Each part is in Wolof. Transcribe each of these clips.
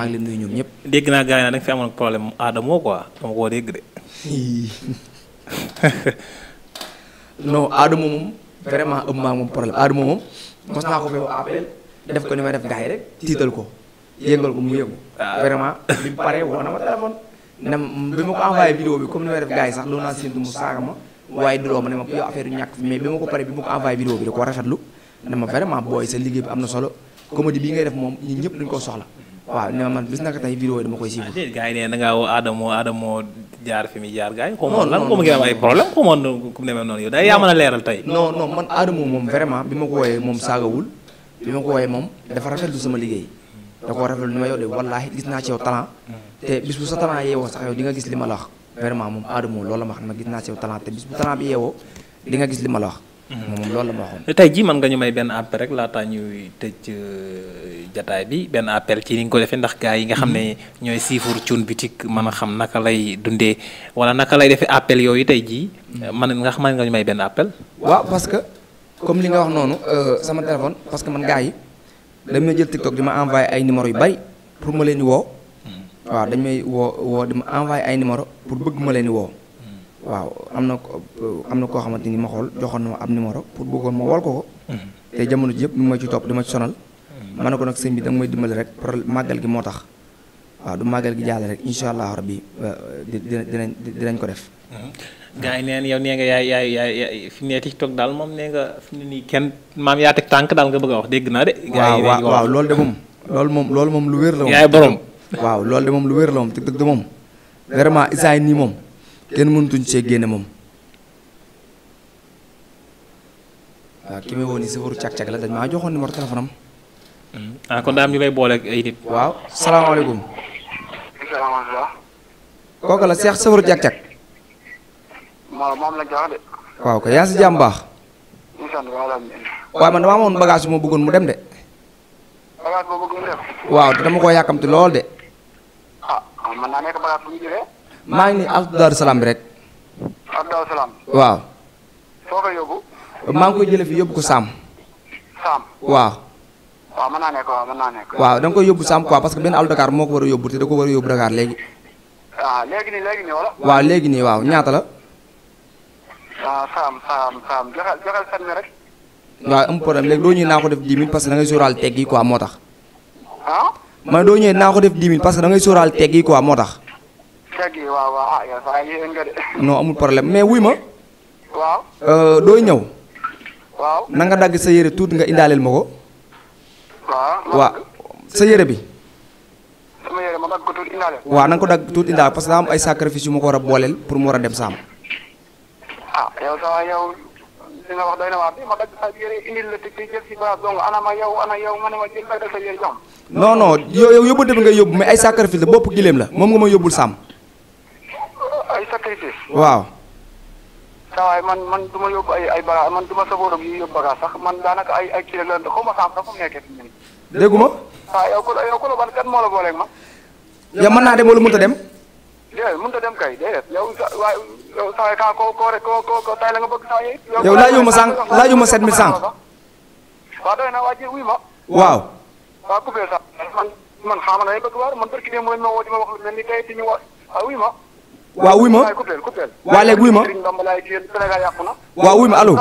maa ngi leen ñëpp. dégg naa gars yi nag da koo dégg de. non Adamo moom vraiment ëpp maa moom problème Adamo moom mos naa ko fi ko ni mu yëngu. Ah. vraiment bi mu na ma téléphone. ne mm, bi ma ko envoyé vidéo bi comme ni may def gars sax doon naa séntu mu saaga ma waaye duroo ma ne ma yow affaire yu ñàkk mais bi ma ko paree bi ma ko envoyé vidéo bi da koo rafetlu ne ma booy sa liggéey bi am na solo comédie bi ngay def moom ñun ñëpp dañu koo soxla. waaw ne ma man bis naka tey vidéo yi dama koy suivre. ah gars yi nee na woo Adamo Adamo jaar fi muy jaar gars yi. non non xaw ma ngi am ay problème xaw ma ku demee noonu yow. day yaa mën a leeral tey. non non man Adamo moom vraiment bi ma ko wooyee moom saagawul bi ma ko wooyee moom dafa rafetlu sama liggéey da koo rafetlu ni ma yow de wallaahi gis naa ci yow te bis bu sa talent yeewoo sax yow di nga gis li ma la wax. vraiment moom Adamo loolu la ma xam ne gis naa ci yow talent te bis bu ma la moom loolu la ma waxoon. tey jii man nga ñu may benn appel rek laataa ñuy tëj euh, jataay bi benn appel ci li nga ko defee ndax gars yi nga xam ne mm-hmm. ñooy siifur Thioune Boutique man a xam naka lay dundee wala naka lay defee appel yooyu tey jii. man mm-hmm. nga xam nga ñu may benn appel. waaw parce que comme li nga wax noonu euh, sama téléphone parce que man gars yi dañ may jël TikTok di ma envoyé ay numéro yu bay pour ma leen di woo. Mm-hmm. waaw dañ may woo woo di ma envoyé ay numéro pour bëgg ma leen di woo. waaw am na am na koo xamante ni ma xool joxoon na ma ab numéro pour bëggoon ma wol ko ko. te jamono ji yëpp mi ngi ci topp dama ci sonal. ma ne ko nag sëñ bi da nga may dimbali rek problème màggal gi moo tax waaw du màggal gi jaal rek incha allah rabbi euh, dinañ dinañ ko def. gaa yi neen yow nee nga yaay yaay yaay fi mu ne daal moom nee nga fi mu nii kenn maam yaa teg tànk daal nga bëgg a wax dégg naa de. gaa yi waaw waaw loolu de moom. loolu moom lu wér la moom. yaay borom. waaw loolu de moom lu wér la moom TikTok moom. vraiment isaay nii moom. kenn mënutuñ see génne moom waaw ah, ki may woo ni sëfaru càq-càq la dañ maa joxoon numéro téléphone am. Mm-hmm. ah waaw salaamaaleykum. salaamaaleykum. kooku la Cheikh sëfaru càq-càq. waaw moom la jox de. waaw si jàmm baax. waaye man damaa amoon bagage bu ma bëggoon mu dem de. bagage waaw te dama koo yàkkamti lool de. Ah, maa ngi ni ak Daaru Salaam bi rek. ak Daaru Salaam. waaw. foo koy yóbbu. maa ngi koy jëlee fi yóbbu ko Saam. Saam waaw. waaw mën naa nekk waaw mën naa nekk. waaw da koy yóbbu Saam quoi parce que benn àll Dakar moo ko war a yóbbu te da ko war a yóbbu Dakar léegi. Ah, léegi nii waaw léegi la. ah Saam Saam Saam naa ko def 10 000 parce que da ngay teg yi quoi moo tax. ah. man doo ñëwee naa ko def 10 000 parce que da moo tax. chèque yi waaw waaw ah, ah amul problème mais wuy ma. waaw. Euh, dooy ñëw. waaw dagg sa yére tuuti nga indaaleel ma ko. waaw waaw sa yére bi. sama yére ma dagg ko tuuti indaaleel. na nga ko parce que daa am ay sacrifice yu ma ko war a booleel pour mu war a dem saam. ah yow saa yow. nga wax na waar ma dagg sa yére la bopp gileem la moom nga ma yóbbul saam. sacrifice. waaw. saa waay man man du ma yóbbu ay ay man du ma sabóor ak yóbbu bagage sax man daanaka ay ay kilo lan xaw a sànq sax fu mu nekkee fi mu ne. déggu ma. waaw yow ku yow ku la la booleeg ma. dem wala mënut a dem. a dem kay déedéet yow sa waay yow saa waay kaa koo koo rek koo koo tay la nga bëgg saa yi. yow laajuma sànq laajuma sept mille cent. waaw na waa ji wuy ma. waaw. waaw coupé sax man man xaaral ma ne bëgg waar man barki ne mooy ma woo wax mel ni tey ti wax ah wuy ma. waaw wuy ma waaw léegi wuy ma waaw wuy ma allo.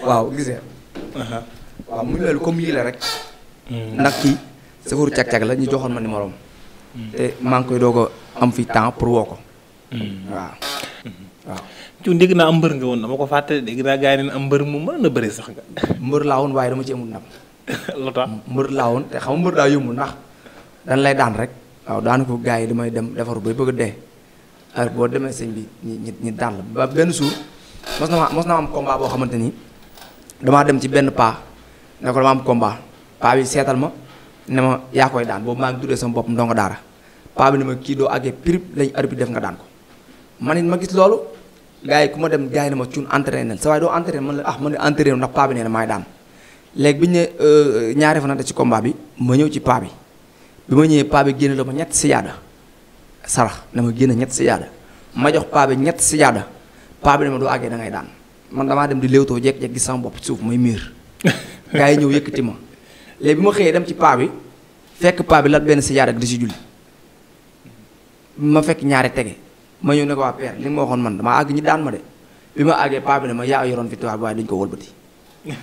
waaw gis mu mel comme yii la rek. nag kii sëfuru cag-cag la ñu joxoon ma numéro hmm. te maa ngi koy doog am fi temps pour woo ko. Hmm. waaw. waaw. Hmm. tuuti dégg naa am mbër nga woon dama ko fàtte dégg naa gars yi ne am mbër mu mën na bëri sax nga. mbër laa woon waaye dama ci amul ndam. lu tax laa woon te xam nga mbër daa yomb ndax dañ lay daan rek waaw daanu ko gars yi damay dem defaru bay bëgg a dee heure boo demee sëñ bi ñi ñi daan la ba benn suur mos na ma mos na ma am combat boo xamante ni damaa dem ci benn paa ne am combat paa bi seetal ma ne ma yaa koy daan boobu maa ngi tuddee sama bopp ndongo daara paa bi ne ma kii doo àggee prip lañ arbitre def nga daan ko man it ma gis loolu gars yi ku ma dem gars yi ne ma cuun entraîné na sa waaye doo entraîné man la ah man ne entraîné ndax paa maay daan léegi bi ñu ne euh, ñaari fanante ci combat bi ma ñëw ci paa bi bi ma ñëwee paa bi génne la ma ñett si yaada sarax na ma génne ñett si ma jox paa ñett si yaada paa bi ne ma doo àggee da ngay daan man damaa dem di léewtoo jekk-jekk gis bopp suuf muy miir gars ñëw yëkkati ma léegi bi ma xëyee dem ci paa bi fekk paa bi benn si yaada ak di ñaari tege ma ñëw ne ko waa père li nga ma waxoon man damaa àgg ñi daan ma de bi ma àggee paa bi ne ma yaa yoroon fi tubaab waaye dañu ko walbati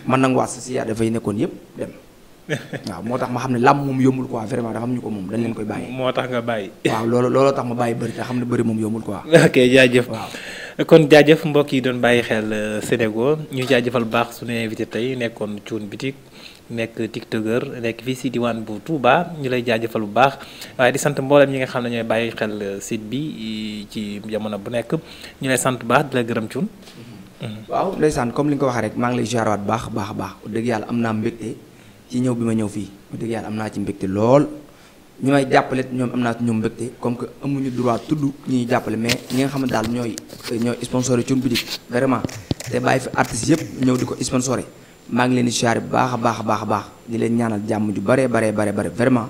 man nag waa Sasiya dafay nekkoon yëpp dem. waaw moo tax ma xam ne làmb moom yombul quoi vraiment dafa am ñu ko moom dañ leen koy bàyyi. moo tax nga bàyyi. waaw loolu looloo tax ma bàyyi bëri te xam ne bëri moom yombul quoi. ok jaajëf waaw. kon jaajëf mbokk yi doon bàyyi xel euh, Sénégo ñu jaajëfal baax su ne invité tey nekkoon Thioune bitik nekk tiktoker nekk fii si diwaan bu Touba ñu lay jaajëfal bu baax waaye di sant mboolem ñi nga xam ne ñooy bàyyi xel euh, siit bi euh, ci jamono bu nekk ñu lay sant baax di la gërëm Thioune. waaw ndeysaan comme li nga ko waxee rek maa ngi lay jaaraat baax baax baax wax dëgg yàlla naa mbégte ci ñëw bi ma ñëw fii wax dëgg am naa ci mbégte lool ñi jàppale ñoom am naa ñoom mbégte comme que amuñu droit tudd ñi ñuy jàppale mais ñi nga xam ne daal ñooy ñooy sponsoré Thioune Boutique vraiment te bàyyi yëpp ñëw di ko sponsoré maa ngi leen di siyaare bu baax a baax a baax a baax di leen ñaanal jàmm ju bare bare bare bare vraiment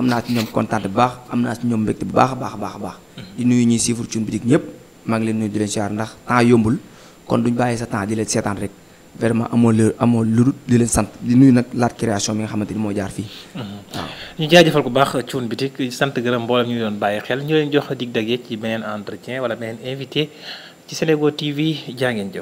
naa ci ñoom kontaan bu baax am naa ci ñoom bu baax a baax a baax a di nuyu ñuy siifur Thioune Boutique ñëpp maa ngi leen nuyu di leen siyaare ndax temps yombul kon duñ bàyyi sa temps di leen seetaan rek vraiment amoo lu amoo lu di leen sant di nuyu nag laat création bi nga xamante ni moo jaar fii. waaw mm-hmm. ñu jaajëfal bu baax Thioune Boutique sant gërëm mboolem ñu doon bàyyi xel ñu leen jox dig daje ci beneen entretien wala beneen invité ci Senego TV jaa ngeen jëf.